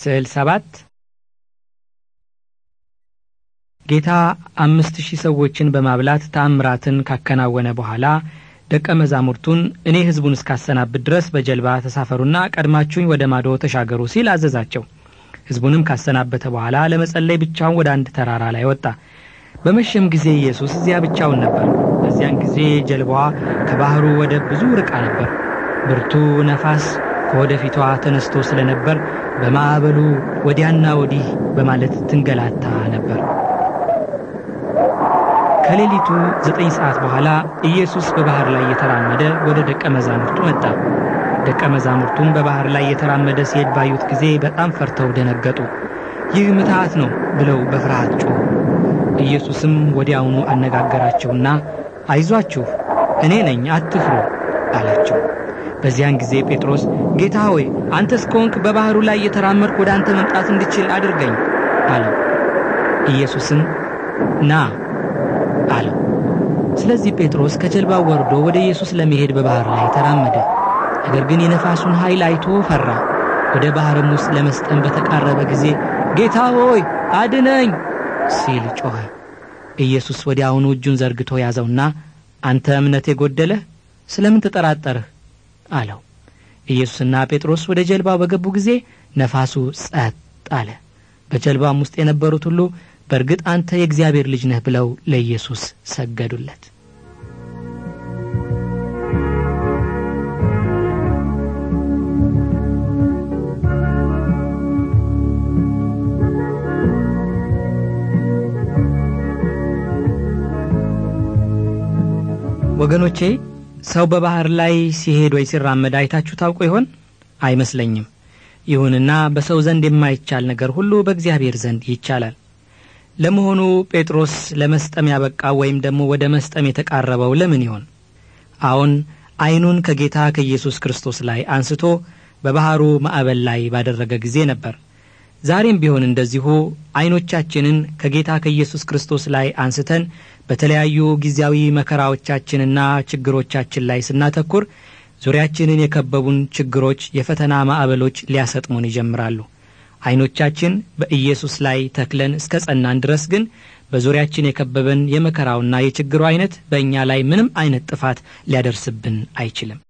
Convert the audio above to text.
ስዕል ሰባት ጌታ አምስት ሺህ ሰዎችን በማብላት ተአምራትን ካከናወነ በኋላ ደቀ መዛሙርቱን እኔ ሕዝቡን እስካሰናብት ድረስ በጀልባ ተሳፈሩና ቀድማችሁኝ ወደ ማዶ ተሻገሩ ሲል አዘዛቸው። ሕዝቡንም ካሰናበተ በኋላ ለመጸለይ ብቻውን ወደ አንድ ተራራ ላይ ወጣ። በመሸም ጊዜ ኢየሱስ እዚያ ብቻውን ነበር። በዚያን ጊዜ ጀልባዋ ከባሕሩ ወደ ብዙ ርቃ ነበር። ብርቱ ነፋስ ከወደፊቷ ተነስቶ ስለነበር በማዕበሉ ወዲያና ወዲህ በማለት ትንገላታ ነበር። ከሌሊቱ ዘጠኝ ሰዓት በኋላ ኢየሱስ በባህር ላይ እየተራመደ ወደ ደቀ መዛሙርቱ መጣ። ደቀ መዛሙርቱም በባህር ላይ የተራመደ ሲሄድ ባዩት ጊዜ በጣም ፈርተው ደነገጡ። ይህ ምትሐት ነው ብለው በፍርሃት ጮኹ። ኢየሱስም ወዲያውኑ አነጋገራቸውና አይዟችሁ፣ እኔ ነኝ፣ አትፍሩ አላቸው። በዚያን ጊዜ ጴጥሮስ ጌታ ሆይ አንተስ ከሆንክ በባሕሩ ላይ እየተራመድኩ ወደ አንተ መምጣት እንድችል አድርገኝ አለው። ኢየሱስም ና አለው። ስለዚህ ጴጥሮስ ከጀልባው ወርዶ ወደ ኢየሱስ ለመሄድ በባሕር ላይ ተራመደ። ነገር ግን የነፋሱን ኃይል አይቶ ፈራ። ወደ ባሕርም ውስጥ ለመስጠም በተቃረበ ጊዜ ጌታ ሆይ አድነኝ ሲል ጮኸ። ኢየሱስ ወዲያውኑ እጁን ዘርግቶ ያዘውና አንተ እምነት ጎደለህ፣ ስለምን ተጠራጠርህ አለው። ኢየሱስና ጴጥሮስ ወደ ጀልባ በገቡ ጊዜ ነፋሱ ጸጥ አለ። በጀልባም ውስጥ የነበሩት ሁሉ በእርግጥ አንተ የእግዚአብሔር ልጅ ነህ ብለው ለኢየሱስ ሰገዱለት። ወገኖቼ ሰው በባህር ላይ ሲሄድ ወይ ሲራመድ አይታችሁ ታውቁ ይሆን? አይመስለኝም። ይሁንና በሰው ዘንድ የማይቻል ነገር ሁሉ በእግዚአብሔር ዘንድ ይቻላል። ለመሆኑ ጴጥሮስ ለመስጠም ያበቃው ወይም ደግሞ ወደ መስጠም የተቃረበው ለምን ይሆን? አሁን አይኑን ከጌታ ከኢየሱስ ክርስቶስ ላይ አንስቶ በባሕሩ ማዕበል ላይ ባደረገ ጊዜ ነበር። ዛሬም ቢሆን እንደዚሁ ዐይኖቻችንን ከጌታ ከኢየሱስ ክርስቶስ ላይ አንስተን በተለያዩ ጊዜያዊ መከራዎቻችንና ችግሮቻችን ላይ ስናተኩር ዙሪያችንን የከበቡን ችግሮች፣ የፈተና ማዕበሎች ሊያሰጥሙን ይጀምራሉ። ዐይኖቻችን በኢየሱስ ላይ ተክለን እስከ ጸናን ድረስ ግን በዙሪያችን የከበበን የመከራውና የችግሩ ዐይነት በእኛ ላይ ምንም ዐይነት ጥፋት ሊያደርስብን አይችልም።